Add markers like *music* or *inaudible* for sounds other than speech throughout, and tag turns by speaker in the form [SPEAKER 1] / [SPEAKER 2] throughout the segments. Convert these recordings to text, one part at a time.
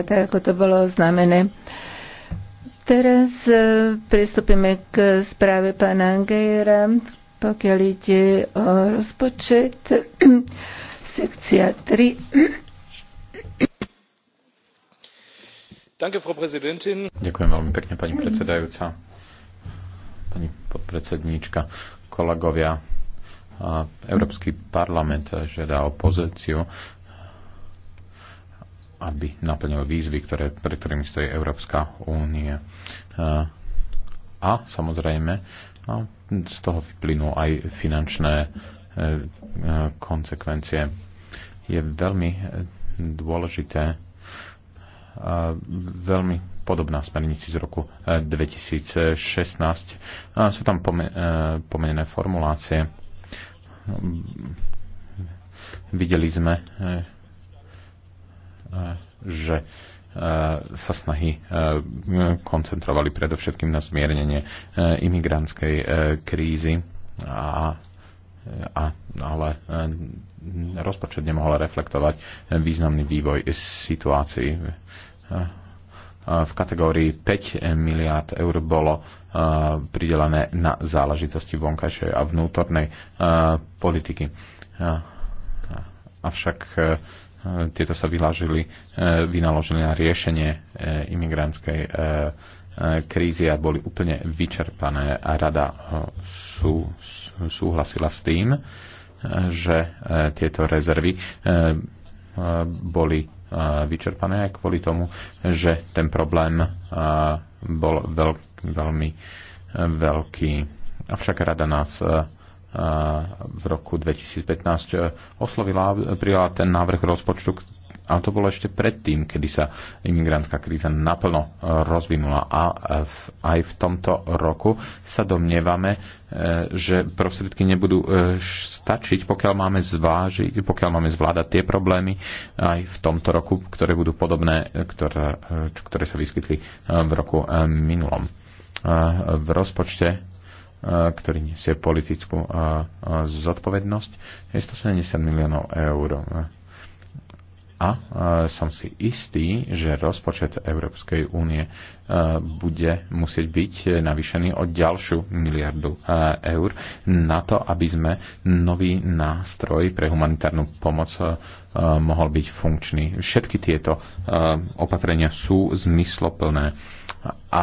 [SPEAKER 1] a tak ako to bolo oznámené. Teraz e, pristúpime k správe pána Angejera, pokiaľ ide o rozpočet, *clears throat* sekcia 3.
[SPEAKER 2] Danke, Frau Präsidentin. Ďakujem veľmi pekne, pani predsedajúca, pani podpredsedníčka, kolegovia. Európsky parlament žiada opozíciu, aby naplnil výzvy, ktoré, pre ktorými stojí Európska únia. A samozrejme, no, z toho vyplynú aj finančné e, e, konsekvencie. Je veľmi dôležité, e, veľmi podobná smernici z roku 2016. Sú tam pomenené formulácie. Videli sme, že e, sa snahy e, koncentrovali predovšetkým na zmiernenie e, imigrantskej krízy a a, ale rozpočet nemohol reflektovať významný vývoj situácií. V kategórii 5 miliard eur bolo pridelené na záležitosti vonkajšej a vnútornej politiky. Avšak E, tieto sa vylažili e, vynaložili na riešenie e, imigrantskej krízy a boli úplne vyčerpané. A rada sú, súhlasila s tým, že tieto rezervy boli vyčerpané aj kvôli tomu, že ten problém bol veľ, veľmi veľký. Avšak rada nás v roku 2015 e, oslovila, e, prijala ten návrh rozpočtu, a to bolo ešte predtým, kedy sa imigrantská kríza naplno e, rozvinula. A v, aj v tomto roku sa domnievame, že prostriedky nebudú stačiť, pokiaľ máme, zvážiť, pokiaľ máme zvládať tie problémy aj v tomto roku, ktoré budú podobné, ktoré, ktoré sa vyskytli v roku minulom. V rozpočte ktorý nesie politickú zodpovednosť, je 170 miliónov eur. A som si istý, že rozpočet Európskej únie bude musieť byť navýšený o ďalšiu miliardu eur na to, aby sme nový nástroj pre humanitárnu pomoc mohol byť funkčný. Všetky tieto opatrenia sú zmysloplné a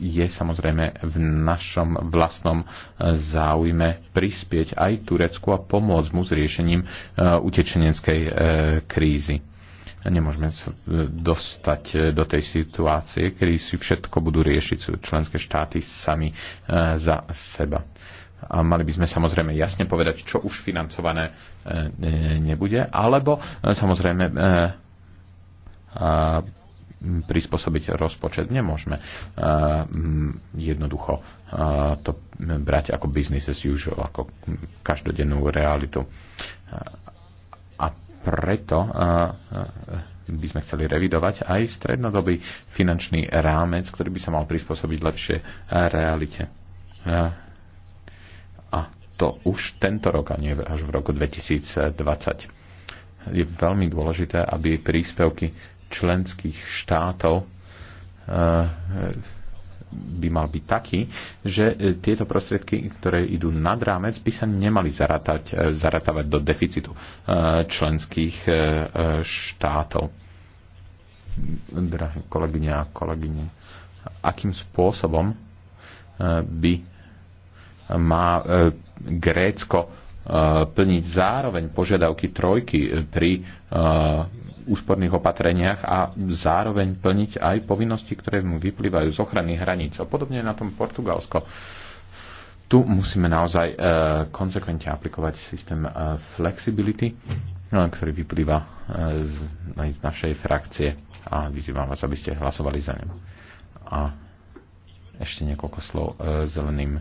[SPEAKER 2] je samozrejme v našom vlastnom e, záujme prispieť aj Turecku a pomôcť mu s riešením e, utečeneckej e, krízy. Nemôžeme dostať do tej situácie, kedy si všetko budú riešiť členské štáty sami za seba. A mali by sme samozrejme jasne povedať, čo už financované nebude, alebo samozrejme prispôsobiť rozpočet. Nemôžeme eh, jednoducho eh, to brať ako business as usual, ako každodennú realitu. Eh, a preto by sme chceli revidovať aj strednodobý finančný rámec, ktorý by sa mal prispôsobiť lepšie realite. A to už tento rok a nie až v roku 2020. Je veľmi dôležité, aby príspevky členských štátov eh, by mal byť taký, že eh, tieto prostriedky, ktoré idú nad rámec, by sa nemali zaratať, eh, zaratávať do deficitu členských štátov. Drahé kolegyne a kolegyne, akým spôsobom by má Grécko plniť zároveň požiadavky trojky e, pri e, úsporných opatreniach a zároveň plniť aj povinnosti, ktoré mu vyplývajú z ochrany hraníc. A podobne na tom Portugalsko. Tu musíme naozaj e, konsekventne aplikovať systém flexibility, ktorý vyplýva z, aj z našej frakcie a vyzývam vás, aby ste hlasovali za ňu. A ešte niekoľko slov zeleným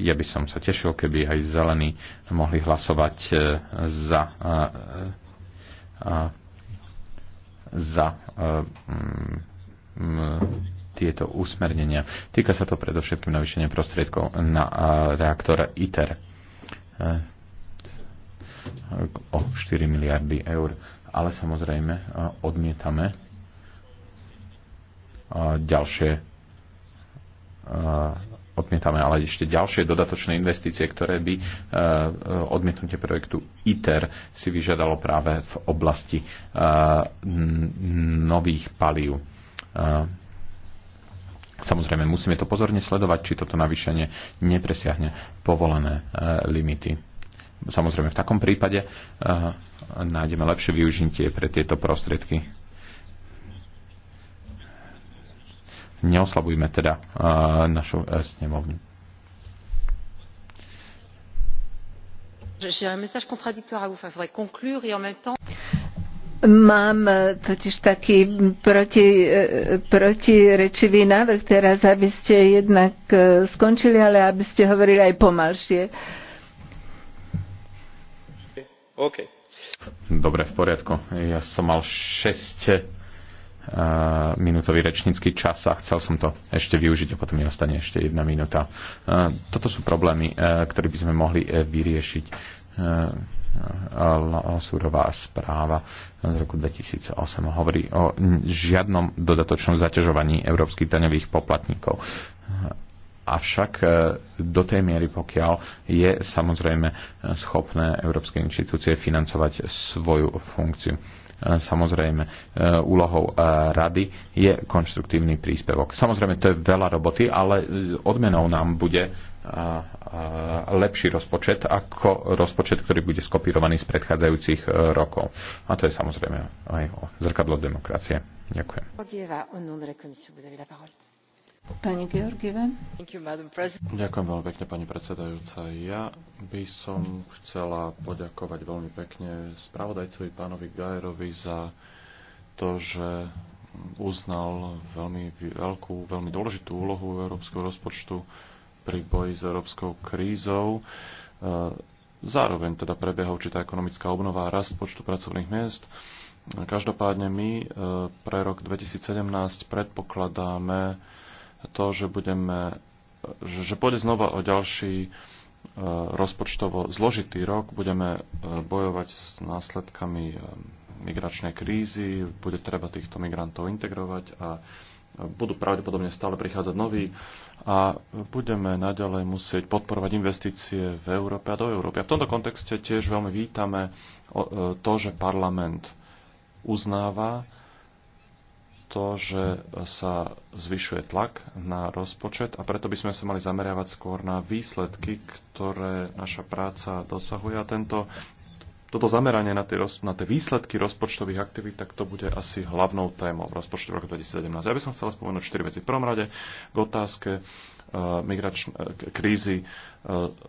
[SPEAKER 2] ja by som sa tešil, keby aj zelení mohli hlasovať e, za, e, e, za tieto usmernenia. Týka sa to predovšetkým navýšenia prostriedkov na reaktor ITER o 4 miliardy eur. Ale samozrejme odmietame ďalšie odmietame ale ešte ďalšie dodatočné investície, ktoré by e, e, odmietnutie projektu ITER si vyžiadalo práve v oblasti e, nových palív. Samozrejme, musíme to pozorne sledovať, či toto navýšenie nepresiahne povolené limity. Samozrejme, v takom prípade nájdeme lepšie využitie pre tieto prostriedky. neoslabujme teda uh, našu
[SPEAKER 1] uh, snemovňu. Mám eh, totiž taký proti, protirečivý návrh teraz, aby ste jednak skončili, ale aby ste hovorili aj pomalšie.
[SPEAKER 3] Okay.
[SPEAKER 2] Dobre, v poriadku. Ja som mal 6 Eh, minútový rečnícky čas a chcel som to ešte využiť a potom mi ostane ešte jedna minúta. Eh, toto sú problémy, eh, ktoré by sme mohli vyriešiť. Súrová správa z roku 2008 hovorí o žiadnom dodatočnom zaťažovaní európskych daňových poplatníkov. Avšak do tej miery, pokiaľ je samozrejme schopné európske inštitúcie financovať svoju funkciu Samozrejme, e, úlohou e, rady je konštruktívny príspevok. Samozrejme, to je veľa roboty, ale e, odmenou nám bude lepší rozpočet ako rozpočet, ktorý bude skopírovaný z predchádzajúcich rokov. A to je samozrejme aj zrkadlo demokracie.
[SPEAKER 4] Ďakujem.
[SPEAKER 1] Pani Georgieva.
[SPEAKER 4] Ďakujem veľmi pekne, pani predsedajúca. Ja by som chcela poďakovať veľmi pekne spravodajcovi pánovi Gajerovi za to, že uznal veľmi veľkú, veľmi dôležitú úlohu európskeho rozpočtu pri boji s európskou krízou. E, zároveň teda prebieha určitá ekonomická obnova a rast počtu pracovných miest. Každopádne my e, pre rok 2017 predpokladáme to, že budeme že pôjde znova o ďalší e, rozpočtovo zložitý rok, budeme e, bojovať s následkami e, migračnej krízy, bude treba týchto migrantov integrovať a budú pravdepodobne stále prichádzať noví a budeme naďalej musieť podporovať investície v Európe a do Európy. A v tomto kontexte tiež veľmi vítame to, že parlament uznáva to, že sa zvyšuje tlak na rozpočet a preto by sme sa mali zameriavať skôr na výsledky, ktoré naša práca dosahuje a tento, toto zameranie na tie, na tie výsledky rozpočtových aktivít, tak to bude asi hlavnou témou v rozpočte v roku 2017. Ja by som chcel spomenúť 4 veci. V prvom rade k otázke e, e, krízy e,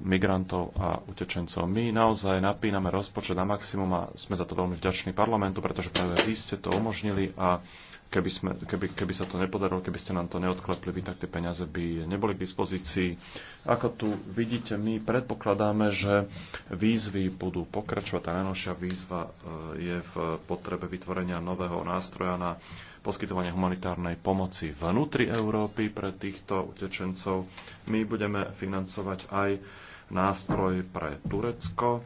[SPEAKER 4] migrantov a utečencov. My naozaj napíname rozpočet na maximum a sme za to veľmi vďační parlamentu, pretože práve vy ste to umožnili a keby, sme, keby, keby sa to nepodarilo, keby ste nám to neodklepli, tak tie peniaze by neboli k dispozícii. Ako tu vidíte, my predpokladáme, že výzvy budú pokračovať. Tá najnovšia výzva e, je v potrebe vytvorenia nového nástroja na poskytovanie humanitárnej pomoci vnútri Európy pre týchto utečencov. My budeme financovať aj nástroj pre Turecko,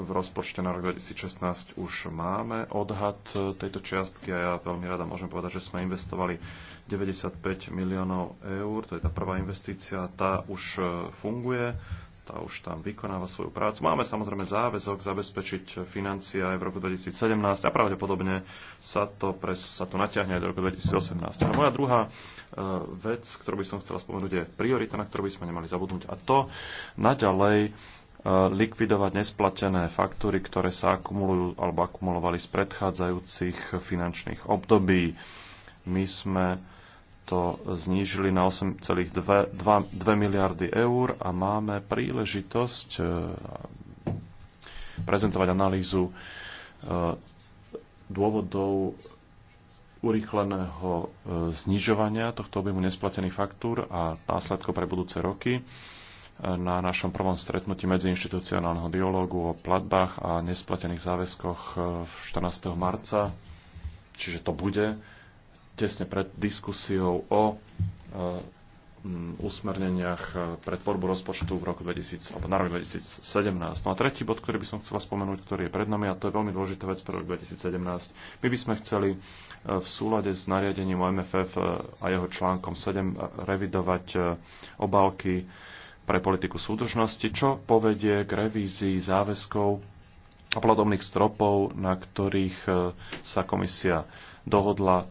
[SPEAKER 4] v rozpočte na rok 2016 už máme odhad tejto čiastky a ja veľmi rada môžem povedať, že sme investovali 95 miliónov eur, to je tá prvá investícia, tá už e, funguje, tá už tam vykonáva svoju prácu. Máme samozrejme záväzok zabezpečiť financie aj v roku 2017 a pravdepodobne sa to, pres, sa to natiahne aj do roku 2018. A moja druhá e, vec, ktorú by som chcela spomenúť, je priorita, na ktorú by sme nemali zabudnúť. A to naďalej Eh, likvidovať nesplatené faktúry, ktoré sa akumulujú alebo akumulovali z predchádzajúcich finančných období. My sme to znížili na 8,2 miliardy eur a máme príležitosť eh, prezentovať analýzu eh, dôvodov urýchleného znižovania tohto objemu nesplatených faktúr a následkov pre budúce roky na našom prvom stretnutí medziinstitucionálneho dialógu o platbách a nesplatených záväzkoch 14. Eh, marca. Čiže to bude tesne pred diskusiou o eh, usmerneniach eh, pre tvorbu rozpočtu v roku 2000, alebo na rok 2017. No a tretí bod, ktorý by som chcela spomenúť, ktorý je pred nami, a to je veľmi dôležitá vec pre rok 2017. My by sme chceli v súlade s nariadením MFF a jeho článkom 7 revidovať obálky pre politiku súdržnosti, čo povedie k revízii záväzkov a plodobných stropov, na ktorých eh, sa komisia dohodla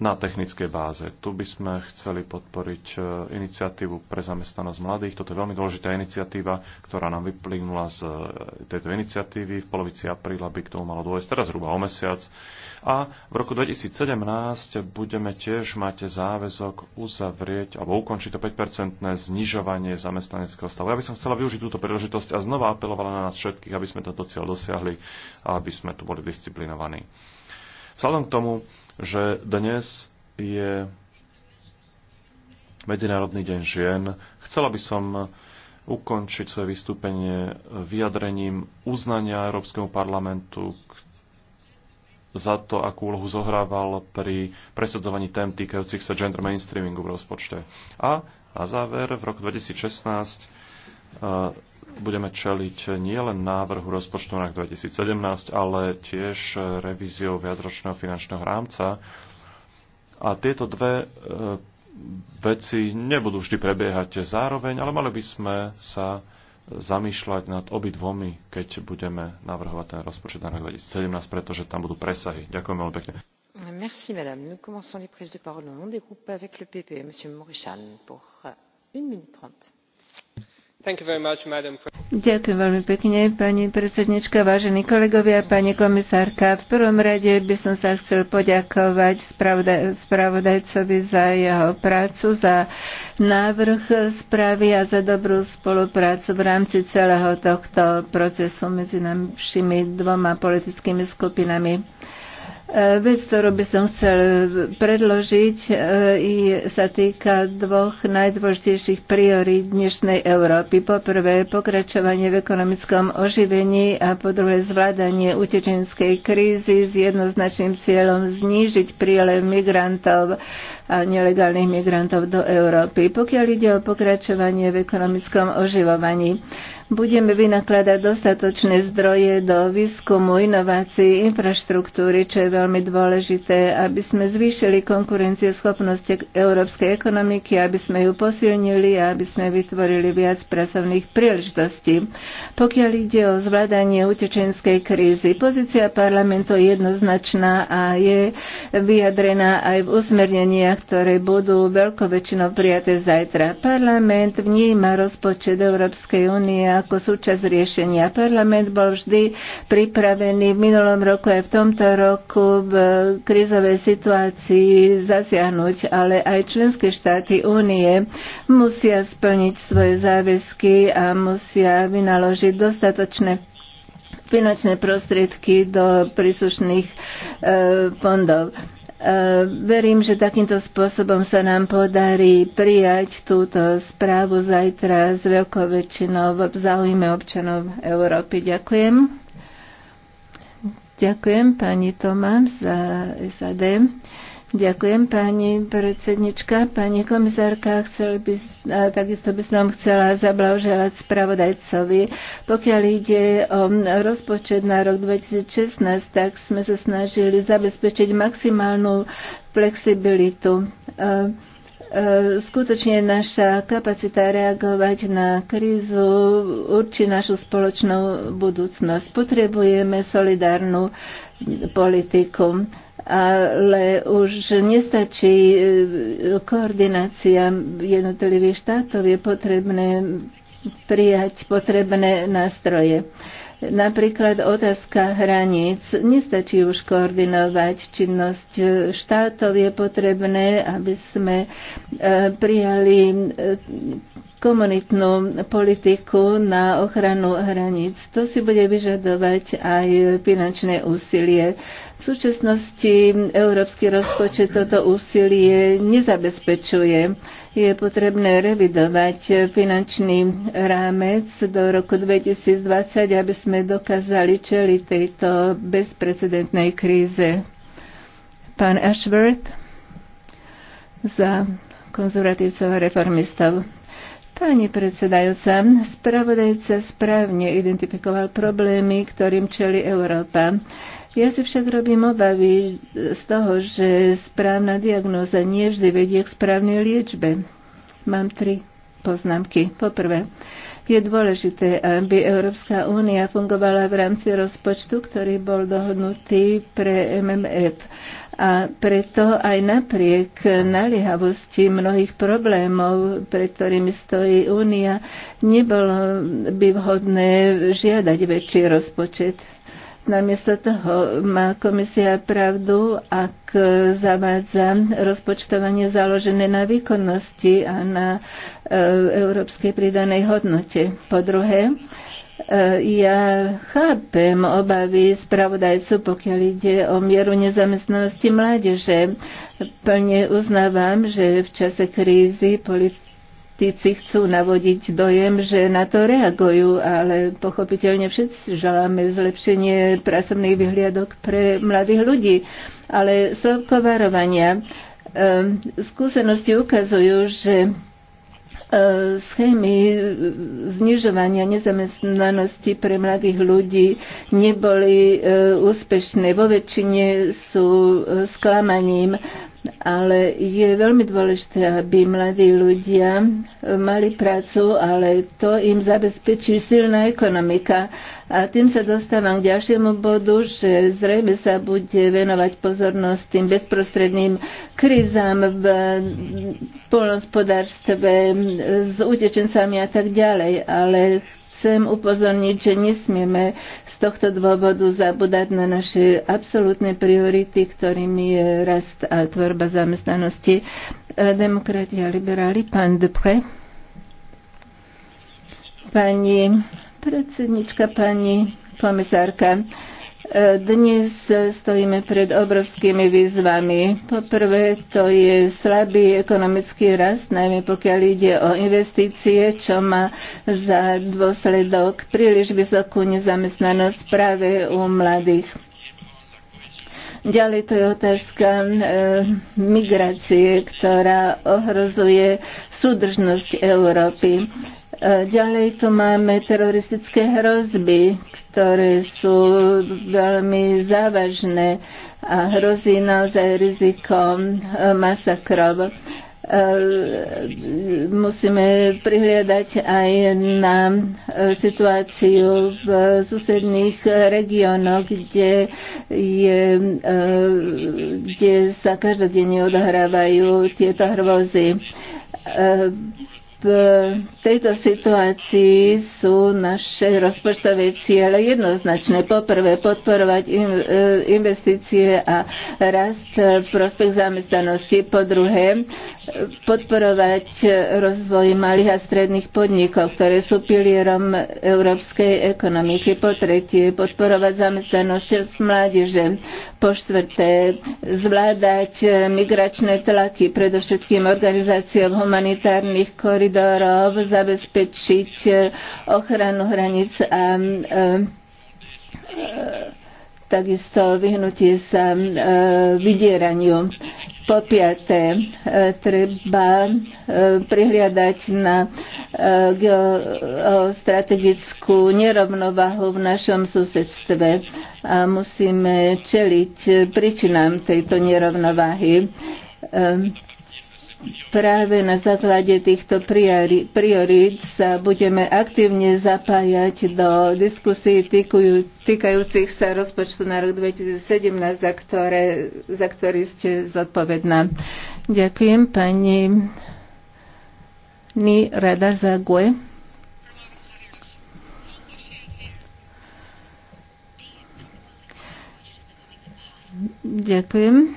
[SPEAKER 4] na technickej báze. Tu by sme chceli podporiť e, iniciatívu pre zamestnanosť mladých. Toto je veľmi dôležitá iniciatíva, ktorá nám vyplynula z e, tejto iniciatívy. V polovici apríla by k tomu malo dôjsť, teraz zhruba o mesiac. A v roku 2017 budeme tiež mať záväzok uzavrieť alebo ukončiť to 5-percentné znižovanie zamestnaneckého stavu. Ja by som chcela využiť túto príležitosť a znova apelovala na nás všetkých, aby sme tento cieľ dosiahli a aby sme tu boli disciplinovaní. Vzhľadom k tomu, že dnes je Medzinárodný deň žien. Chcela by som ukončiť svoje vystúpenie vyjadrením uznania Európskemu parlamentu za to, akú úlohu zohrával pri presadzovaní tém týkajúcich sa gender mainstreamingu v rozpočte. A na záver, v roku 2016 budeme čeliť nielen návrhu rozpočtu na 2017, ale tiež revíziou viacročného finančného rámca. A tieto dve e, veci nebudú vždy prebiehať zároveň, ale mali by sme sa zamýšľať nad obi dvomi, keď budeme navrhovať ten rozpočet na rok 2017, pretože tam budú presahy. Ďakujem veľmi pekne.
[SPEAKER 1] Merci, madame. Nous commençons les prises de parole au nom des groupes avec le PPE. Monsieur Morichane pour 1 euh, minute 30. Much, Ďakujem veľmi pekne, pani predsednička, vážení kolegovia, pani komisárka. V prvom rade by som sa chcel poďakovať spravodajcovi za jeho prácu, za návrh správy a za dobrú spoluprácu v rámci celého tohto procesu medzi našimi dvoma politickými skupinami. Vec, ktorú by som chcel predložiť, e, sa týka dvoch najdôležitejších priorí dnešnej Európy. Po prvé, pokračovanie v ekonomickom oživení a po druhé, zvládanie utečenskej krízy s jednoznačným cieľom znížiť prílev migrantov a nelegálnych migrantov do Európy. Pokiaľ ide o pokračovanie v ekonomickom oživovaní, budeme vynakladať dostatočné zdroje do výskumu, inovácií, infraštruktúry, čo je veľmi dôležité, aby sme zvýšili konkurencieschopnosť európskej ekonomiky, aby sme ju posilnili a aby sme vytvorili viac pracovných príležitostí. Pokiaľ ide o zvládanie utečenskej krízy, pozícia parlamentu je jednoznačná a je vyjadrená aj v usmerneniach, ktoré budú veľkou väčšinou prijaté zajtra. Parlament vníma rozpočet Európskej únie ako súčasť riešenia. Parlament bol vždy pripravený v minulom roku aj v tomto roku v krizovej situácii zasiahnuť, ale aj členské štáty únie musia splniť svoje záväzky a musia vynaložiť dostatočné finančné prostriedky do príslušných e, fondov. Eh, verím, že takýmto spôsobom sa nám podarí prijať túto správu zajtra s veľkou väčšinou v záujme občanov Európy. Ďakujem. Ďakujem pani Tomám za SAD. Ďakujem pani predsednička, pani komisárka. Chcel by, a takisto by som chcela zablahoželať spravodajcovi. Pokiaľ ide o rozpočet na rok 2016, tak sme sa snažili zabezpečiť maximálnu flexibilitu. Skutočne naša kapacita reagovať na krízu určí našu spoločnú budúcnosť. Potrebujeme solidárnu politiku ale už nestačí e, koordinácia jednotlivých štátov, je potrebné prijať potrebné nástroje. Uh, Napríklad otázka hraníc. Nestačí už koordinovať činnosť štátov. Je potrebné, aby sme e, prijali e, komunitnú politiku na ochranu hraníc. To si bude vyžadovať aj finančné úsilie. V súčasnosti európsky rozpočet toto úsilie nezabezpečuje je potrebné revidovať finančný rámec do roku 2020, aby sme dokázali čeliť tejto bezprecedentnej kríze. Pán Ashworth za konzervatívcov a reformistov. Pani predsedajúca, spravodajca správne identifikoval problémy, ktorým čeli Európa. Ja si však robím obavy z toho, že správna diagnóza nie vždy vedie k správnej liečbe. Mám tri poznámky. Poprvé, je dôležité, aby Európska únia fungovala v rámci rozpočtu, ktorý bol dohodnutý pre MMF. A preto aj napriek naliehavosti mnohých problémov, pred ktorými stojí únia, nebolo by vhodné žiadať väčší rozpočet Namiesto toho má komisia pravdu, ak zavádza rozpočtovanie založené na výkonnosti a na e, európskej pridanej hodnote. Po druhé, e, ja chápem obavy spravodajcu, pokiaľ ide o mieru nezamestnanosti mládeže. Plne uznávam, že v čase krízy politi- politici chcú navodiť dojem, že na to reagujú, ale pochopiteľne všetci želáme zlepšenie pracovných vyhliadok pre mladých ľudí. Ale slovko varovania. E, skúsenosti ukazujú, že e, schémy znižovania nezamestnanosti pre mladých ľudí neboli e, úspešné. Vo väčšine sú sklamaním ale je veľmi dôležité, aby mladí ľudia mali prácu, ale to im zabezpečí silná ekonomika. A tým sa dostávam k ďalšiemu bodu, že zrejme sa bude venovať pozornosť tým bezprostredným krízam v polnospodárstve s utečencami a tak ďalej. Ale chcem upozorniť, že nesmieme z tohto dôvodu zabúdať na naše absolútne priority, ktorými je rast a tvorba zamestnanosti. E, Demokratia liberáli, pán Dupre. Pani predsednička, pani komisárka, dnes stojíme pred obrovskými výzvami. Poprvé to je slabý ekonomický rast, najmä pokiaľ ide o investície, čo má za dôsledok príliš vysokú nezamestnanosť práve u mladých. Ďalej to je otázka e, migrácie, ktorá ohrozuje súdržnosť Európy. E, ďalej tu máme teroristické hrozby, ktoré sú veľmi závažné a hrozí naozaj riziko e, masakrov e, musíme prihliadať aj na situáciu v susedných regiónoch, kde, je, kde sa každodenne odhrávajú tieto hrôzy E, tejto situácii sú naše rozpočtové ciele jednoznačné. Poprvé, podporovať e, investície a rast v e, prospech zamestnanosti. Po druhé, podporovať rozvoj malých a stredných podnikov, ktoré sú pilierom európskej ekonomiky. Po tretie, podporovať zamestnanosť mládežem. Po štvrté, zvládať eh, migračné tlaky, predovšetkým organizáciou humanitárnych koridorov, zabezpečiť eh, ochranu hranic a a, eh, a takisto vyhnutie sa e, vydieraniu. Po piaté, e, treba e, prihliadať na geostrategickú nerovnováhu v našom susedstve a musíme čeliť príčinám tejto nerovnováhy práve na základe týchto priorít sa budeme aktívne zapájať do diskusí týkajúcich sa rozpočtu na rok 2017, za, ktoré, za ktorý ste zodpovedná. Ďakujem pani Ni Rada Zague. Ďakujem.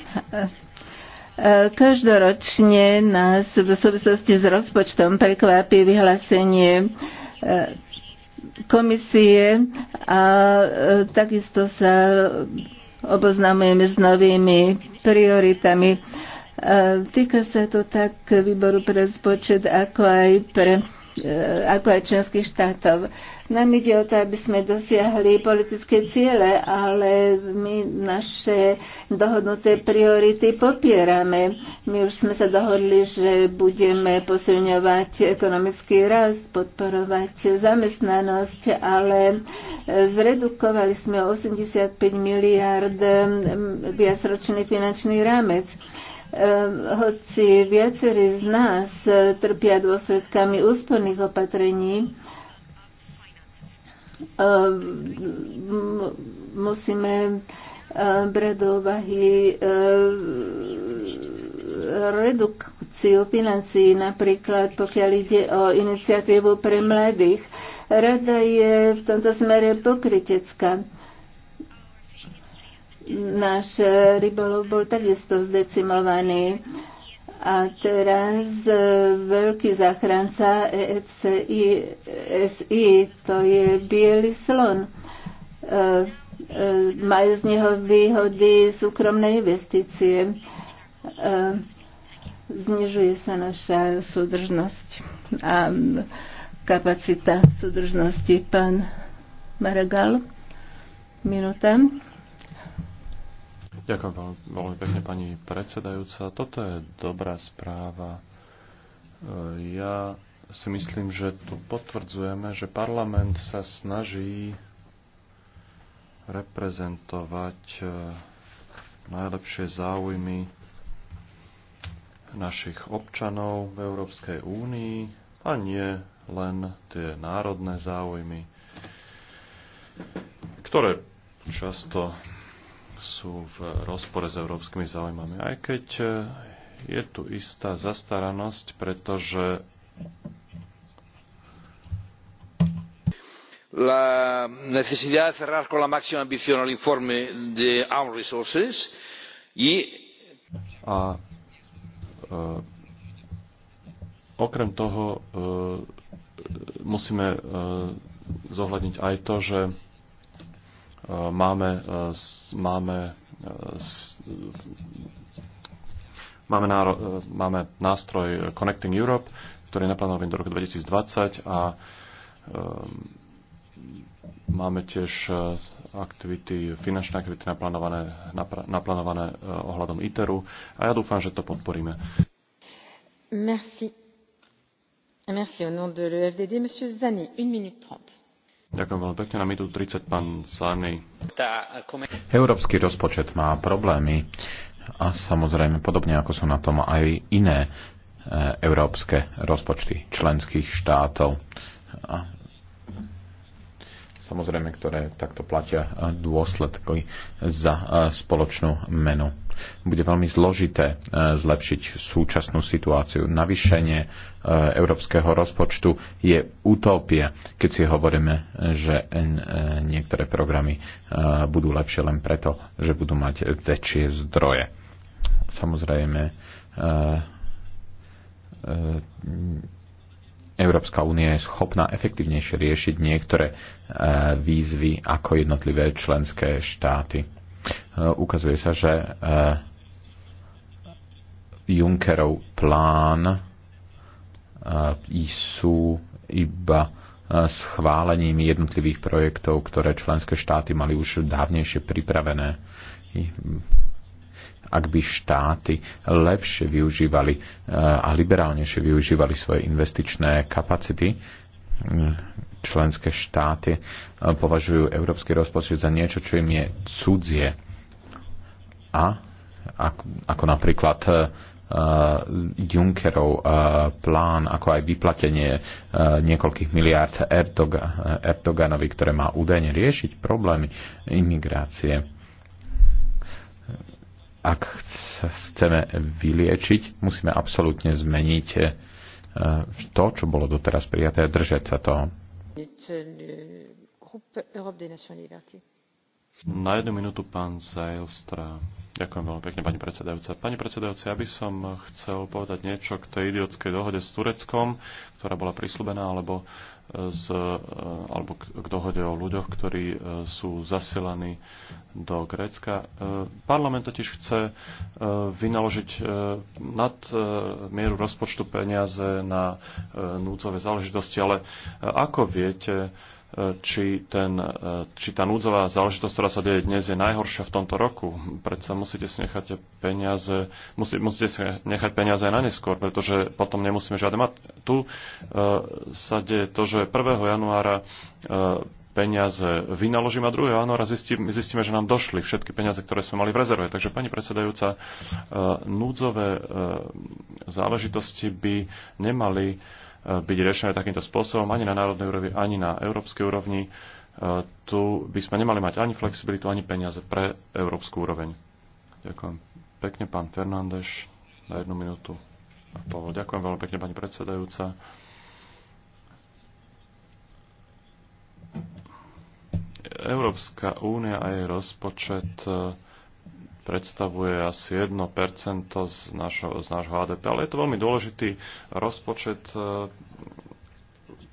[SPEAKER 1] Každoročne nás v súvislosti s rozpočtom prekvapí vyhlásenie e, komisie a e, takisto sa oboznamujeme s novými prioritami. E, týka sa to tak výboru pre rozpočet, ako aj pre ako aj členských štátov. Nám ide o to, aby sme dosiahli politické ciele, ale my naše dohodnuté priority popierame. My už sme sa dohodli, že budeme posilňovať ekonomický rast, podporovať zamestnanosť, ale zredukovali sme 85 miliard viacročný finančný rámec eh, hoci viacerí z nás trpia dôsledkami úsporných opatrení, Ehm, musíme ehm, brať do úvahy ehm, redukciu financií, napríklad pokiaľ ide o iniciatívu pre mladých. Rada je v tomto smere pokritecká. Náš rybolov bol takisto zdecimovaný. Uh, a teraz e, veľký zachránca EFCI SI, to je biely slon. E, e, majú z neho výhody súkromné investície. Znižuje sa naša súdržnosť a kapacita súdržnosti. Pán Maragal, minúta.
[SPEAKER 4] Ďakujem veľmi pekne, pani predsedajúca. Toto je dobrá správa. E, ja si myslím, že tu potvrdzujeme, že parlament sa snaží reprezentovať e, najlepšie záujmy našich občanov v Európskej únii a nie len tie národné záujmy, ktoré často sú v rozpore s európskymi záujmami. Aj keď e, je tu istá zastaranosť, pretože
[SPEAKER 1] la
[SPEAKER 3] necesidad de cerrar con la máxima ambición el informe de own resources y
[SPEAKER 4] a a, e, okrem toho a, e, musíme a, zohľadniť aj to, že máme, e, máme, e, máme, náro, e, máme nástroj Connecting Europe, ktorý je naplánovaný do roku 2020 a máme tiež aktivity, finančné aktivity naplánované, naplánované ohľadom ITERu a ja dúfam, že to podporíme.
[SPEAKER 1] Merci. Merci. Au nom de l'EFDD, Monsieur Zanni, 1 minute 30.
[SPEAKER 4] Ďakujem veľmi pekne. Na minútu 30 pán Sárnej. Eh,
[SPEAKER 2] Európsky rozpočet má problémy a samozrejme podobne ako sú na tom aj iné eh, európske rozpočty členských štátov. A samozrejme, ktoré takto platia eh, dôsledky za spoločnú menu bude veľmi zložité e, zlepšiť súčasnú situáciu. Navýšenie e, európskeho rozpočtu je utopia, keď si hovoríme, že e, niektoré programy budú lepšie len preto, že budú mať väčšie zdroje. Samozrejme, Európska únia je schopná efektívnejšie riešiť niektoré výzvy ako jednotlivé členské štáty. Eh, ukazuje sa, že eh, Junckerov plán eh, sú iba schválením jednotlivých projektov, ktoré členské štáty mali už dávnejšie pripravené. Hm, ak by štáty lepšie využívali a liberálnejšie využívali svoje investičné kapacity, členské štáty e, považujú európsky rozpočet za niečo, čo im je cudzie. A ako napríklad e, e, Junckerov plán, ako aj vyplatenie niekoľkých miliárd Erdoga, Erdoganovi, ktoré má údajne riešiť problémy imigrácie. Ak chceme vyliečiť, musíme absolútne zmeniť to, čo bolo doteraz prijaté, držať sa toho.
[SPEAKER 4] Na jednu minútu pán Zajlstra. Ďakujem veľmi pekne, pani predsedajúca. Pani predsedajúca, ja by som chcel povedať niečo k tej idiotskej dohode s Tureckom, ktorá bola prislúbená, alebo z, e, alebo k dohode o ľuďoch, ktorí e, sú zasilaní do Grécka. E, parlament totiž chce vynaložiť nad mieru rozpočtu peniaze na núdzové záležitosti, ale ako viete, či, ten, e, či tá núdzová záležitosť, ktorá sa deje dnes, je najhoršia v tomto roku. Predsa musíte si nechať peniaze, musí, musíte si nechať peniaze aj na neskôr, pretože potom nemusíme žiadne mať. Tu uh, sa deje to, že 1. januára uh, peniaze vynaložím a 2. januára zistíme, zistíme, že nám došli všetky peniaze, ktoré sme mali v rezerve. Takže, pani predsedajúca, núdzové záležitosti by nemali byť riešené takýmto spôsobom ani na národnej úrovni, ani na európskej úrovni. E, tu by sme nemali mať ani flexibilitu, ani peniaze pre európsku úroveň. Ďakujem pekne, pán Fernández, na jednu minútu a pol. Ďakujem veľmi pekne, pani predsedajúca. Európska únia a jej rozpočet e, predstavuje asi 1% z, našo, z nášho HDP, ale je to veľmi dôležitý rozpočet, e,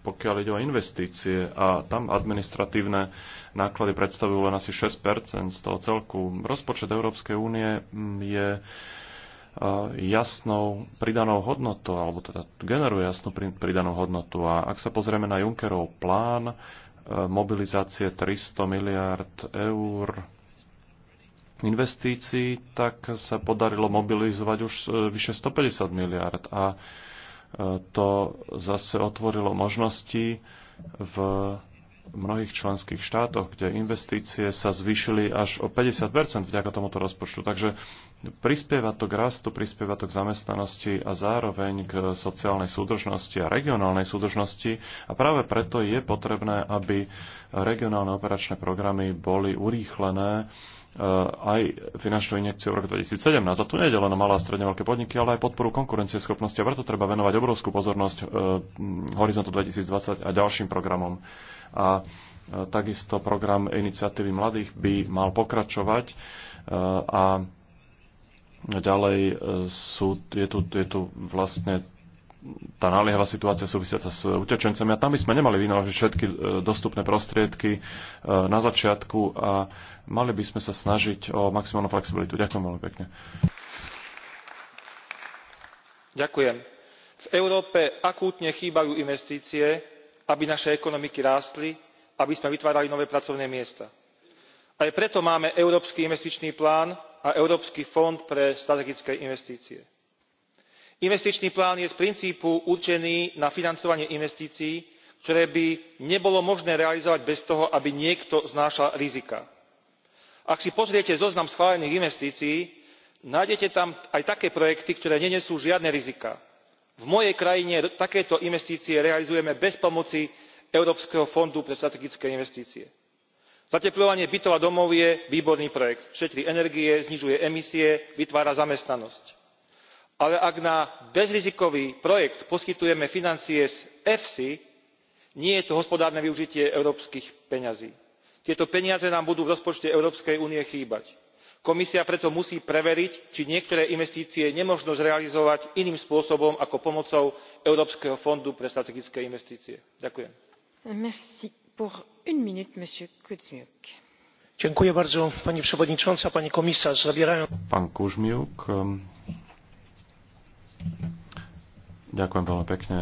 [SPEAKER 4] pokiaľ ide o investície a tam administratívne náklady predstavujú len asi 6% z toho celku. Rozpočet Európskej únie mm, je e, jasnou pridanou hodnotou, alebo teda generuje jasnú pridanú hodnotu. A ak sa pozrieme na Junckerov plán e, mobilizácie 300 miliard eur investícií, tak sa podarilo mobilizovať už e, vyše 150 miliard a e, to zase otvorilo možnosti v mnohých členských štátoch, kde investície sa zvýšili až o 50 vďaka tomuto rozpočtu. Takže prispieva to k rastu, prispieva to k zamestnanosti a zároveň k sociálnej súdržnosti a regionálnej súdržnosti. A práve preto je potrebné, aby regionálne operačné programy boli urýchlené Eh, aj finančnú injekciu v roku 2017. A tu nie je len malé a stredne veľké podniky, ale aj podporu konkurencieschopnosti. A preto treba venovať obrovskú pozornosť eh, Horizontu 2020 a ďalším programom. A eh, takisto program iniciatívy mladých by mal pokračovať a ďalej sú, je, tu, je tu vlastne tá naliehavá situácia súvisiaca s utečencami a tam by sme nemali vynaložiť všetky e, dostupné prostriedky e, na začiatku a mali by sme sa snažiť o maximálnu flexibilitu. Ďakujem veľmi pekne.
[SPEAKER 3] Ďakujem. V Európe akútne chýbajú investície, aby naše ekonomiky rástli, aby sme vytvárali nové pracovné miesta. Aj preto máme Európsky investičný plán a Európsky fond pre strategické investície investičný plán je z princípu určený na financovanie investícií ktoré by nebolo možné realizovať bez toho aby niekto znášal riziká. ak si pozriete zoznam schválených investícií nájdete tam aj také projekty ktoré nenesú žiadne riziká. v mojej krajine takéto investície realizujeme bez pomoci európskeho fondu pre strategické investície. zatepľovanie bytov a domov je výborný projekt šetrí energie znižuje emisie vytvára zamestnanosť ale ak na bezrizikový projekt poskytujeme financie z efsi nie je to hospodárne využitie európskych peňazí. tieto peniaze nám budú v rozpočte európskej únie chýbať. komisia preto musí preveriť či niektoré investície nemožno zrealizovať iným spôsobom ako pomocou európskeho fondu pre strategické investície. ďakujem.
[SPEAKER 4] Ďakujem veľmi pekne.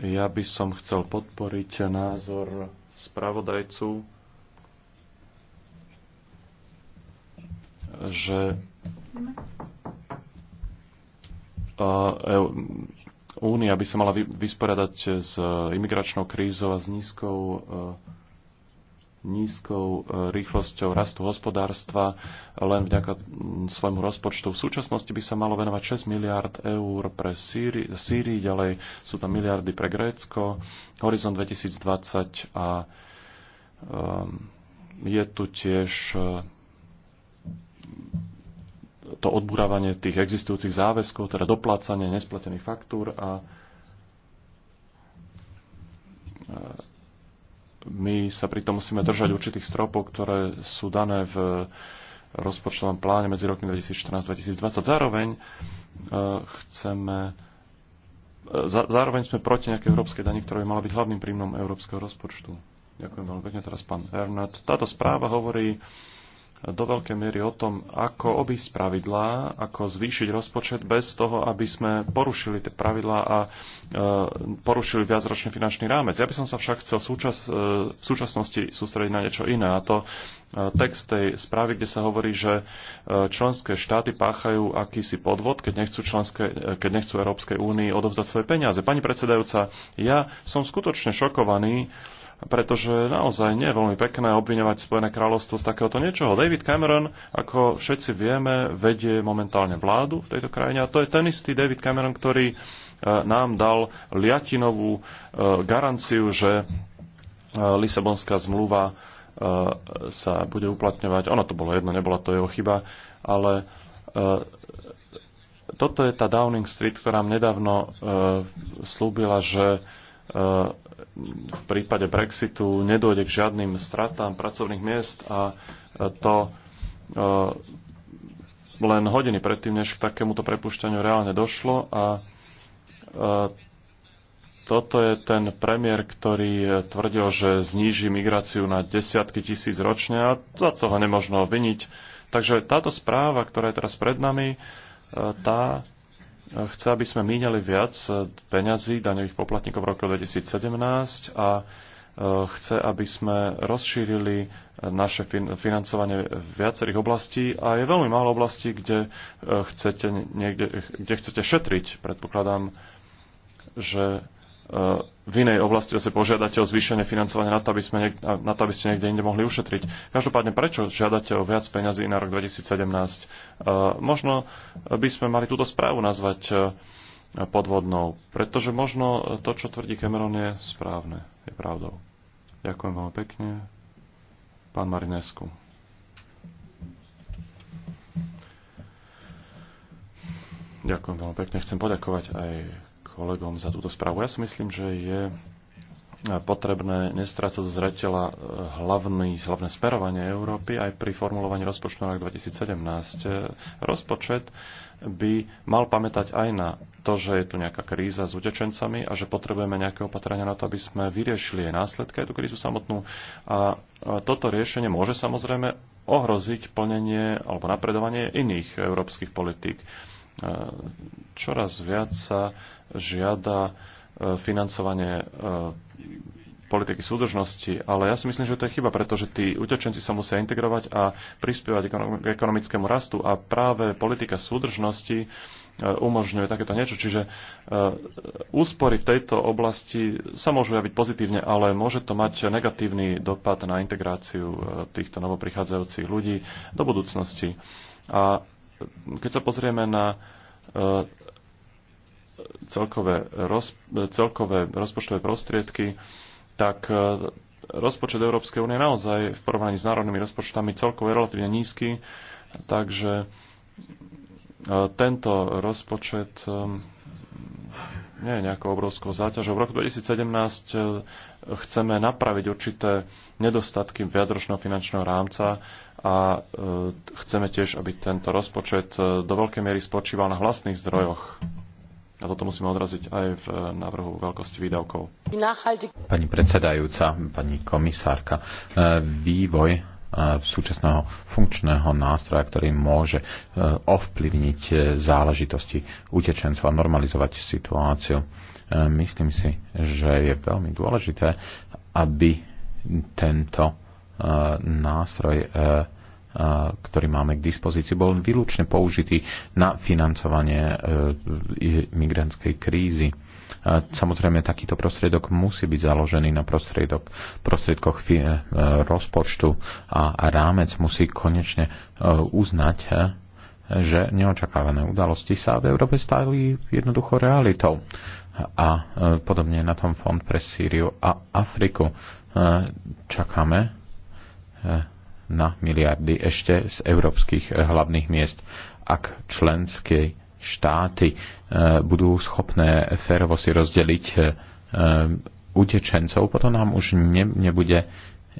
[SPEAKER 4] Ja by som chcel podporiť názor spravodajcu, že e, Únia by sa mala vysporiadať s imigračnou krízou a s nízkou e, nízkou e, rýchlosťou rastu hospodárstva len vďaka svojmu rozpočtu. V súčasnosti by sa malo venovať 6 miliard eur pre Sýrii, ďalej sú tam miliardy pre Grécko, horizont 2020 a um, je tu tiež e, to odburávanie tých existujúcich záväzkov, teda doplácanie nesplatených faktúr a my sa pritom musíme držať mhm. určitých stropov, ktoré sú dané v rozpočtovom pláne medzi rokmi 2014-2020. Zároveň e, chceme e, Zároveň sme proti nejakej európskej dani, ktorá by mala byť hlavným príjmom európskeho rozpočtu. Ďakujem veľmi pekne. Teraz pán Ernat. Táto správa hovorí do veľkej miery o tom, ako obísť pravidlá, ako zvýšiť rozpočet bez toho, aby sme porušili tie pravidlá a e, porušili viacročný finančný rámec. Ja by som sa však chcel súčas, e, v súčasnosti sústrediť na niečo iné, a to e, text tej správy, kde sa hovorí, že e, členské štáty páchajú akýsi podvod, keď nechcú, členské, e, keď nechcú Európskej únii odovzdať svoje peniaze. Pani predsedajúca, ja som skutočne šokovaný, pretože naozaj nie je veľmi pekné obviňovať Spojené kráľovstvo z takéhoto niečoho. David Cameron, ako všetci vieme, vedie momentálne vládu v tejto krajine a to je ten istý David Cameron, ktorý e, nám dal liatinovú e, garanciu, že e, Lisabonská zmluva sa bude uplatňovať. Ono to bolo jedno, nebola to jeho chyba, ale toto je tá Downing Street, ktorá nám nedávno slúbila, že v prípade Brexitu nedôjde k žiadnym stratám pracovných miest a e, to e, len hodiny predtým, než k takémuto prepušťaniu reálne došlo a e, toto je ten premiér, ktorý tvrdil, že zníži migráciu na desiatky tisíc ročne a za toho nemožno viniť. Takže táto správa, ktorá je teraz pred nami, tá chce, aby sme míňali viac eh, peňazí daňových poplatníkov v roku 2017 a eh, chce, aby sme rozšírili eh, naše financovanie viacerých oblastí a je veľmi málo oblastí, kde chcete, niekde, kde chcete šetriť. Predpokladám, že Eh, v inej oblasti zase požiadate o zvýšenie financovania na to, aby, sme niek- na to, aby ste niekde inde mohli ušetriť. Každopádne, prečo žiadate o viac peňazí na rok 2017? Eh, možno by sme mali túto správu nazvať eh, podvodnou, pretože možno to, čo tvrdí Cameron, je správne, je pravdou. Ďakujem veľmi pekne. Pán Marinescu. Ďakujem veľmi pekne. Chcem poďakovať aj kolegom za túto správu. Ja si myslím, že je potrebné nestrácať zo zreteľa eh, hlavný, hlavné smerovanie Európy aj pri formulovaní rozpočtu na rok 2017. Rozpočet by mal pamätať aj na to, že je tu nejaká kríza s utečencami a že potrebujeme nejaké opatrenia na to, aby sme vyriešili jej následky, aj tú krízu samotnú. A toto riešenie môže samozrejme ohroziť plnenie alebo napredovanie iných európskych politík. E, čoraz viac sa žiada e, financovanie e, politiky súdržnosti, ale ja si myslím, že to je chyba, pretože tí utečenci sa musia integrovať a prispievať k ekonomickému rastu a práve politika súdržnosti umožňuje takéto niečo. Čiže úspory v tejto oblasti sa môžu javiť pozitívne, ale môže to mať negatívny dopad na integráciu týchto novoprichádzajúcich ľudí do budúcnosti. A keď sa pozrieme na e, celkové, roz, celkové rozpočtové prostriedky, tak e, rozpočet Európskej únie naozaj v porovnaní s národnými rozpočtami celkovo je relatívne nízky, takže e, tento rozpočet nie je nejakou obrovskou záťažou. V roku 2017 e, chceme napraviť určité nedostatky viacročného finančného rámca a e, chceme tiež, aby tento rozpočet e, do veľkej miery spočíval na vlastných zdrojoch. A toto musíme odraziť aj v návrhu veľkosti výdavkov. Pani predsedajúca, pani komisárka,
[SPEAKER 2] vývoj súčasného funkčného nástroja, ktorý môže e, ovplyvniť e, záležitosti utečencov a normalizovať situáciu. E, myslím si, že je veľmi dôležité, aby tento nástroj ktorý máme k dispozícii, bol výlučne použitý na financovanie e, migrantskej krízy. Samozrejme, takýto prostriedok musí byť založený na prostriedok, prostriedkoch e, rozpočtu a rámec musí konečne e, uznať, že neočakávané udalosti sa v Európe stali jednoducho realitou. A podobne na tom Fond pre Sýriu a Afriku. Čakáme na miliardy ešte z európskych eh, hlavných miest, ak členské štáty eh, budú schopné férovo si rozdeliť eh, utečencov, potom nám už ne, nebude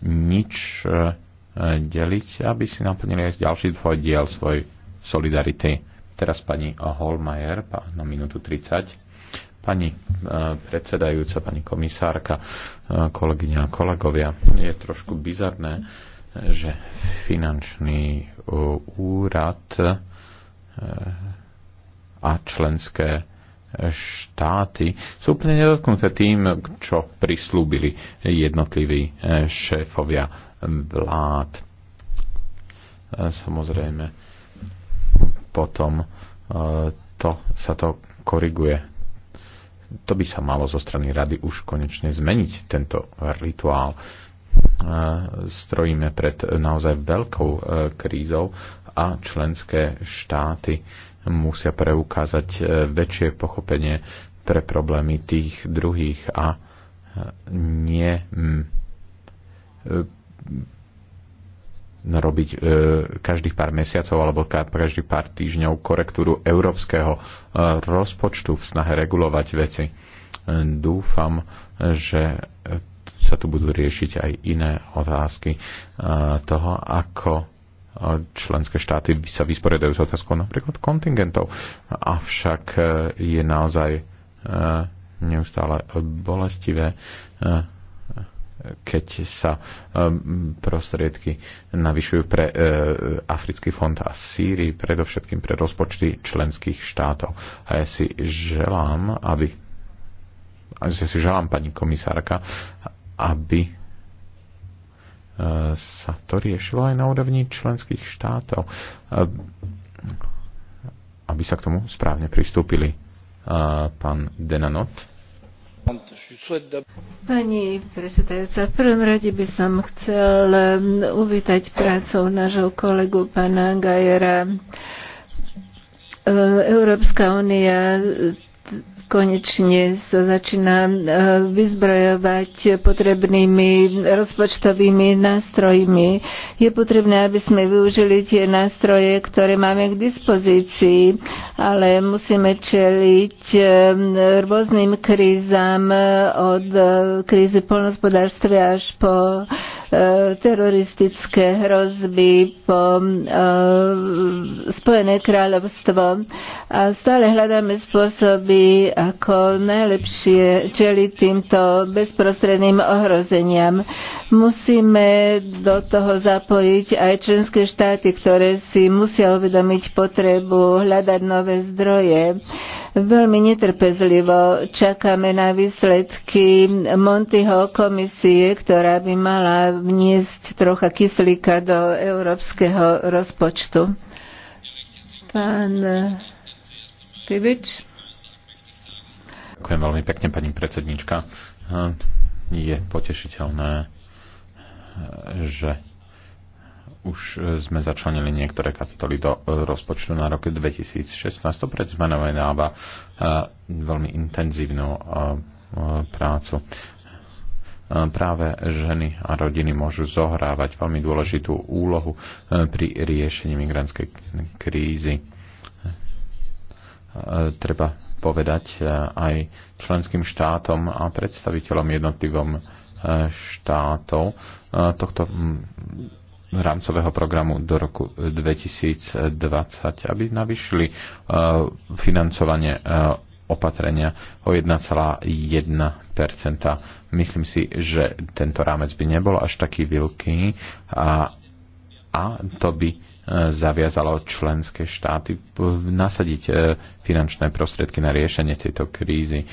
[SPEAKER 2] nič deliť, aby si naplnili aj ďalší tvoj diel svoj solidarity. Teraz pani Holmajer na minútu 30. Pani predsedajúca, pani komisárka, kolegyňa a kolegovia, je trošku bizarné, že finančný e, úrad e, a členské štáty sú úplne nedotknuté tým, čo prislúbili jednotliví e, šéfovia vlád. Samozrejme, potom to, sa to koriguje. To by sa malo zo strany rady už konečne zmeniť, tento rituál strojíme pred naozaj veľkou e, krízou a členské štáty musia preukázať e, väčšie pochopenie pre problémy tých druhých a e, nie mm, robiť každých pár mesiacov alebo každý pár týždňov korektúru európskeho rozpočtu v snahe regulovať veci. dúfam, že sa tu budú riešiť aj iné otázky e, toho, ako e, členské štáty sa vysporiadajú s otázkou napríklad kontingentov. Avšak e, je naozaj neustále bolestivé, keď sa prostriedky navyšujú pre Africký fond a Sýrii, predovšetkým pre rozpočty členských štátov. A ja si želám, aby ja si želám, pani komisárka, aby e, sa to riešilo aj na úrovni členských štátov, e, aby sa k tomu správne pristúpili. E, pán Denanot.
[SPEAKER 1] Pani predsedajúca, v prvom rade by som chcel um, uvítať prácu nášho kolegu pána Gajera. Európska únia konečne sa začína e, vyzbrojovať potrebnými rozpočtovými nástrojmi. Je potrebné, aby sme využili tie nástroje, ktoré máme k dispozícii, ale musíme čeliť e, rôznym krízam e, od krízy v polnospodárstve až po E, teroristické hrozby po e, Spojené kráľovstvo a stále hľadáme spôsoby, ako najlepšie čeliť týmto bezprostredným ohrozeniam. Musíme do toho zapojiť aj členské štáty, ktoré si musia uvedomiť potrebu hľadať nové zdroje. Veľmi netrpezlivo čakáme na výsledky Montyho komisie, ktorá by mala vniesť trocha kyslíka do európskeho rozpočtu. Pán Pibič. Eh,
[SPEAKER 2] Ďakujem veľmi pekne, pani predsednička. Eh, je potešiteľné, eh, že už e, sme začlenili niektoré kapitoly do e, rozpočtu na rok 2016. To predznamenáva e, veľmi intenzívnu prácu. Práve ženy a rodiny môžu zohrávať veľmi dôležitú úlohu pri riešení migrantskej krízy. Treba povedať aj členským štátom a predstaviteľom jednotlivom štátov tohto rámcového programu do roku 2020, aby navyšili e, financovanie e, opatrenia o 1,1 Myslím si, že tento rámec by nebol až taký veľký a, a to by e, zaviazalo členské štáty nasadiť finančné prostriedky na riešenie tejto krízy.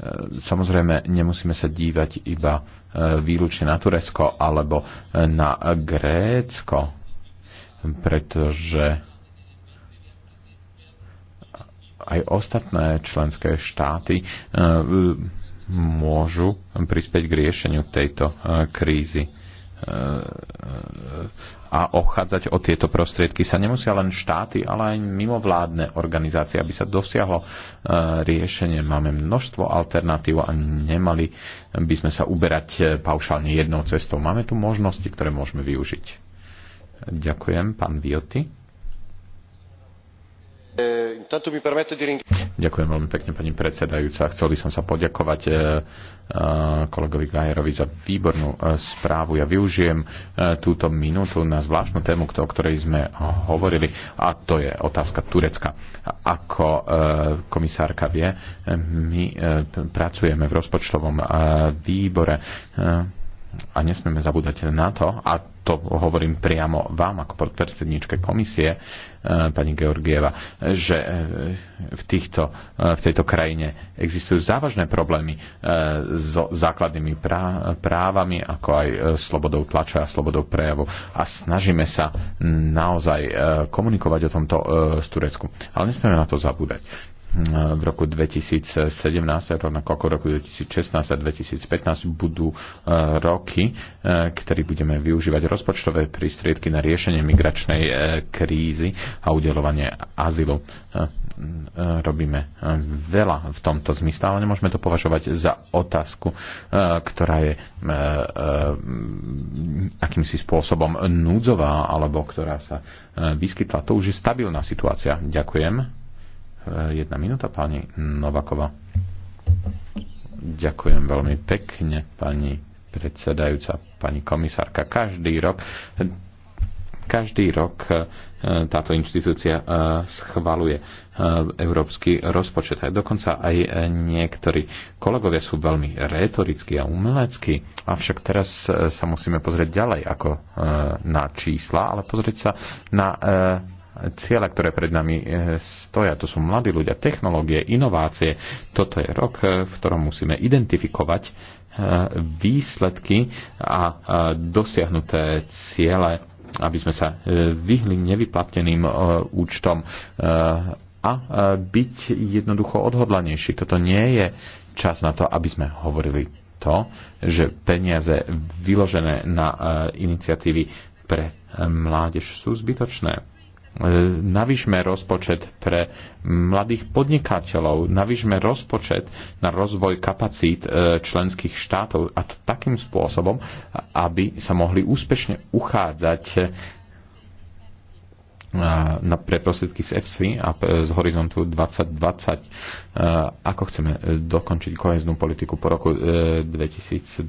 [SPEAKER 2] E, samozrejme, nemusíme sa dívať iba e, výlučne na Turecko alebo e, na Grécko, pretože aj ostatné členské štáty môžu prispieť k riešeniu tejto krízy a ochádzať o tieto prostriedky sa nemusia len štáty, ale aj mimovládne organizácie, aby sa dosiahlo e, riešenie. Máme množstvo alternatív a nemali by sme sa uberať e, paušálne jednou cestou. Máme tu možnosti, ktoré môžeme využiť. Ďakujem, pán Vioty. E, Ďakujem veľmi pekne, pani predsedajúca. Chcel by som sa poďakovať e, e, kolegovi Gajerovi za výbornú e, správu. Ja využijem túto minútu na zvláštnu tému, o ktorej sme hovorili, a to je otázka Turecka. Ako komisárka vie, my pracujeme v rozpočtovom výbore a nesmieme zabúdať na to, a to hovorím priamo vám ako podpredsedničke komisie, e, pani Georgieva, že e, v, týchto, e, v tejto krajine existujú závažné problémy so základnými právami, ako aj slobodou tlače a slobodou prejavu. A snažíme sa naozaj komunikovať o tomto s Turecku. Ale nesmieme na to zabúdať No, v roku 2017, rovnako ako v roku 2016 a 2015 budú e, roky, e, ktorý budeme využívať rozpočtové prístriedky na riešenie migračnej e, krízy a udelovanie azylu. Robíme veľa v tomto zmysle, ale nemôžeme to považovať za otázku, ktorá je akýmsi spôsobom núdzová alebo ktorá sa vyskytla. To už je stabilná situácia. Ďakujem. Eh, jedna minúta, pani Novakova. Ďakujem veľmi pekne, pani predsedajúca, pani komisárka. Každý rok každý rok eh, táto inštitúcia eh, schvaluje európsky rozpočet. A dokonca aj niektorí kolegovia sú veľmi retorickí a umeleckí. Avšak teraz sa musíme pozrieť ďalej ako na čísla, ale pozrieť sa na ciele, ktoré pred nami eh, stoja. To sú mladí ľudia, technológie, inovácie. Toto je rok, eh, v ktorom musíme identifikovať eh, výsledky a dosiahnuté ciele, aby sme sa vyhli nevyplatneným účtom a byť jednoducho odhodlanejší. Toto nie je čas na to, aby sme hovorili to, že peniaze vyložené na iniciatívy pre mládež sú zbytočné E, navýšme rozpočet pre mladých podnikateľov, navýšme rozpočet na rozvoj kapacít e, členských štátov a to takým spôsobom, aby sa mohli úspešne uchádzať e, na preprostriedky z FC a z horizontu 2020, ako chceme dokončiť koheznú politiku po roku 2020.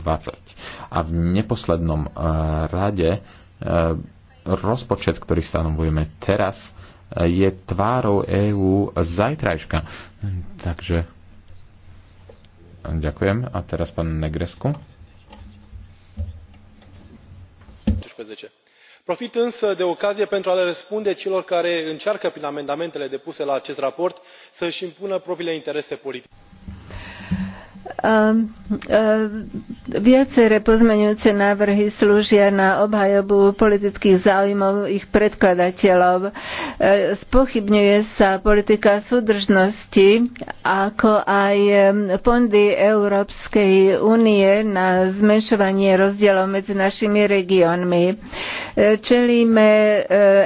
[SPEAKER 2] A v neposlednom rade rozpočet, ktorý stanovujeme teraz, je tvárou EÚ zajtrajška. Takže ďakujem. A teraz pán Negresku.
[SPEAKER 3] Profit însă de ocazie pentru a le răspunde celor care încearcă prin amendamentele depuse la acest raport să își impună propriile interese politice.
[SPEAKER 1] Ehm, ehm, viaceré pozmeňujúce návrhy slúžia na obhajobu politických záujmov ich predkladateľov. Ehm, spochybňuje sa politika súdržnosti, ako aj fondy Európskej únie na zmenšovanie rozdielov medzi našimi regiónmi. Čelíme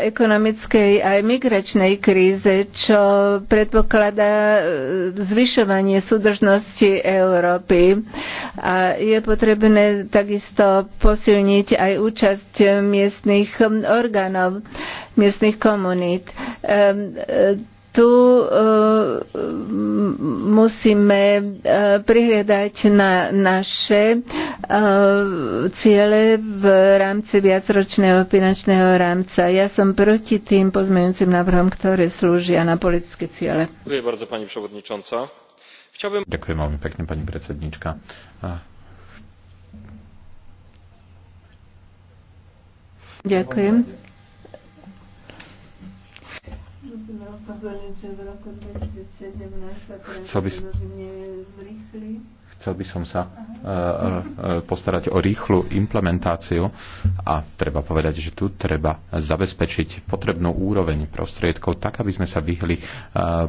[SPEAKER 1] ekonomickej aj migračnej kríze, čo predpokladá zvyšovanie súdržnosti EÚ Európy. A je potrebné takisto posilniť aj účasť miestnych orgánov, miestnych komunít ehm, e, tu e, musíme e, prihľadať na naše ciele v rámci viacročného finančného rámca. Ja som proti tým pozmeňujúcim návrhom, ktoré slúžia na politické ciele.
[SPEAKER 3] Ďakujem bardzo, pani przewodnicząca Chciałbym...
[SPEAKER 2] Ďakujem veľmi pekne, pani predsednička. Ďakujem. Chcel by... Chcel by som sa eh, eh, postarať o rýchlu implementáciu a treba povedať, že tu treba zabezpečiť potrebnú úroveň prostriedkov, tak aby sme sa vyhli eh,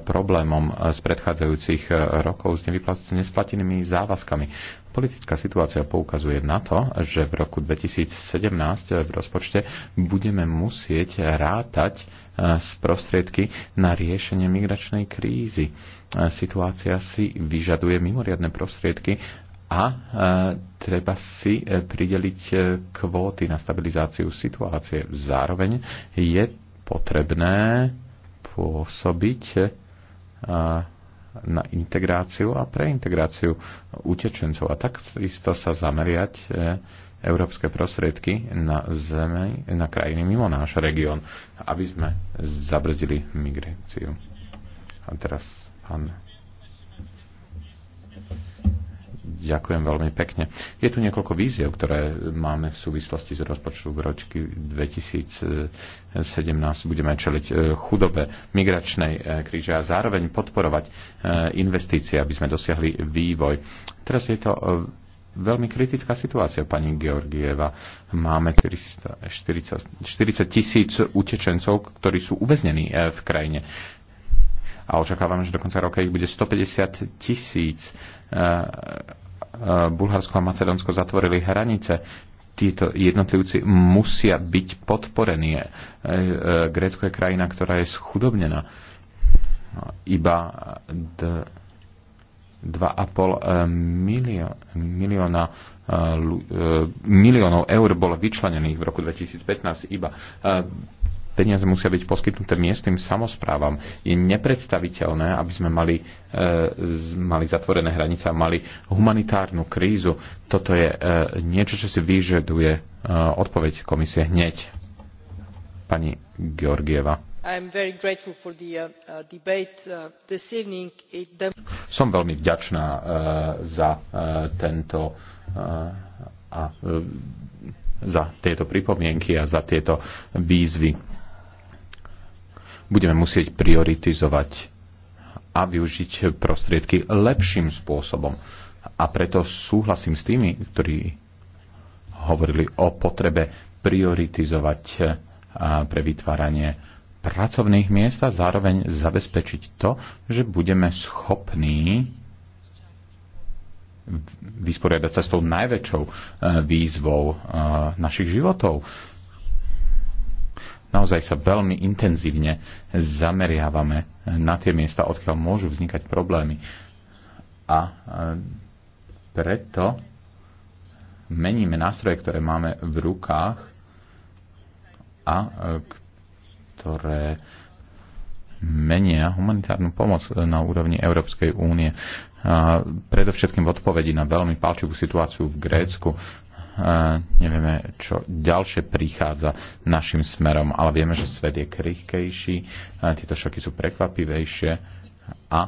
[SPEAKER 2] problémom z predchádzajúcich rokov s nesplatenými závazkami. Politická situácia poukazuje na to, že v roku 2017 v rozpočte budeme musieť rátať z prostriedky na riešenie migračnej krízy E, situácia si vyžaduje mimoriadne prostriedky a e, treba si e, prideliť kvóty na stabilizáciu situácie. Zároveň je potrebné pôsobiť na integráciu a preintegráciu utečencov. A takisto sa zameriať európske prostriedky na zeme, na krajiny mimo náš región, aby sme zabrzdili migráciu. A teraz Pán Ďakujem veľmi pekne. Je tu niekoľko víziev, ktoré máme v súvislosti s rozpočtu v ročky 2017. Budeme čeliť e, chudobe, migračnej e, kríže a zároveň podporovať e, investície, aby sme dosiahli vývoj. Teraz je to veľmi kritická situácia, pani Georgieva. Máme 340, 40 tisíc utečencov, ktorí sú uväznení v krajine a očakávame, že do konca roka ich bude 150 tisíc. E, e, Bulharsko a Macedónsko zatvorili hranice. Títo jednotlivci musia byť podporení. E, Grécko je krajina, ktorá je schudobnená. No, iba 2,5 milió- milióna miliónov eur bolo vyčlenených v roku 2015 iba peniaze musia byť poskytnuté miestnym samozprávam. Je nepredstaviteľné, aby sme mali, e, mali zatvorené hranice a mali humanitárnu krízu. Toto je e, niečo, čo si vyžaduje e, odpoveď komisie hneď. Pani Georgieva. Som veľmi vďačná e, za e, tento e, a za tieto pripomienky a za tieto výzvy budeme musieť prioritizovať a využiť prostriedky lepším spôsobom. A preto súhlasím s tými, ktorí hovorili o potrebe prioritizovať e, pre vytváranie pracovných miest a zároveň zabezpečiť to, že budeme schopní vysporiadať sa s tou najväčšou e, výzvou e, našich životov, naozaj sa veľmi intenzívne zameriavame na tie miesta, odkiaľ môžu vznikať problémy. A e, preto meníme nástroje, ktoré máme v rukách a e, ktoré menia humanitárnu pomoc e, na úrovni Európskej únie. A predovšetkým v odpovedi na veľmi palčivú situáciu v Grécku, nevieme, čo ďalšie prichádza našim smerom, ale vieme, že svet je krychkejší, tieto šoky sú prekvapivejšie a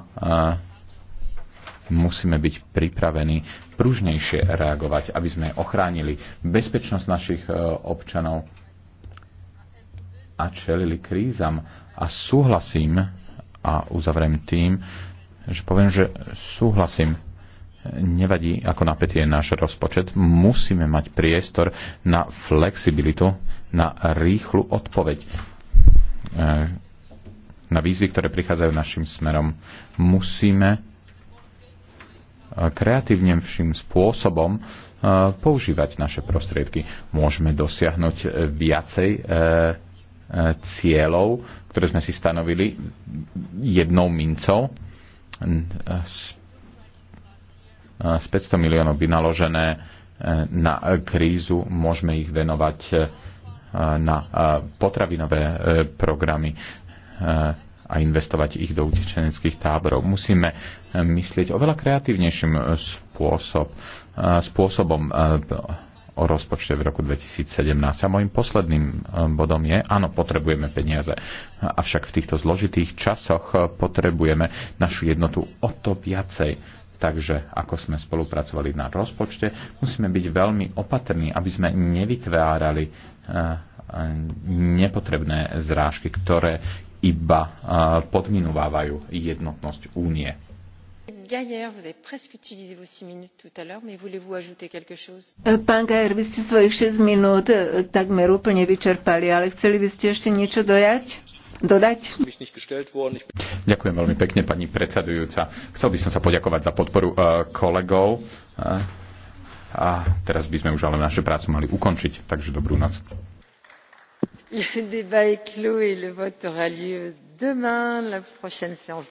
[SPEAKER 2] musíme byť pripravení pružnejšie reagovať, aby sme ochránili bezpečnosť našich e, občanov a čelili krízam. A súhlasím a uzavriem tým, že poviem, že súhlasím nevadí, ako napätý je náš rozpočet, musíme mať priestor na flexibilitu, na rýchlu odpoveď eh, na výzvy, ktoré prichádzajú našim smerom. Musíme eh, kreatívnejším spôsobom eh, používať naše prostriedky. Môžeme dosiahnuť viacej cieľov, ktoré sme si stanovili jednou mincov z 500 miliónov vynaložené e, na krízu, môžeme ich venovať e, na e, potravinové programy a investovať ich do utečeneckých táborov. Musíme myslieť oveľa kreatívnejším spôsob, spôsobom o rozpočte v roku 2017. A môjim posledným bodom je, áno, potrebujeme peniaze. Avšak v týchto zložitých časoch potrebujeme našu jednotu o to viacej Takže ako sme spolupracovali na rozpočte, musíme byť veľmi opatrní, aby sme nevytvárali eh, nepotrebné zrážky, ktoré iba eh,
[SPEAKER 1] podminovávajú
[SPEAKER 2] jednotnosť únie.
[SPEAKER 1] Eh, pán Gajer, vy ste svojich 6 minút takmer úplne vyčerpali, ale chceli by ste ešte niečo dojať? dodať?
[SPEAKER 2] Ďakujem veľmi pekne, pani predsedujúca. Chcel by som sa poďakovať za podporu e, kolegov. E, a teraz by sme už ale našu prácu mali ukončiť, takže dobrú noc.
[SPEAKER 1] Le débat est clos et le vote aura lieu demain, la
[SPEAKER 3] prochaine séance.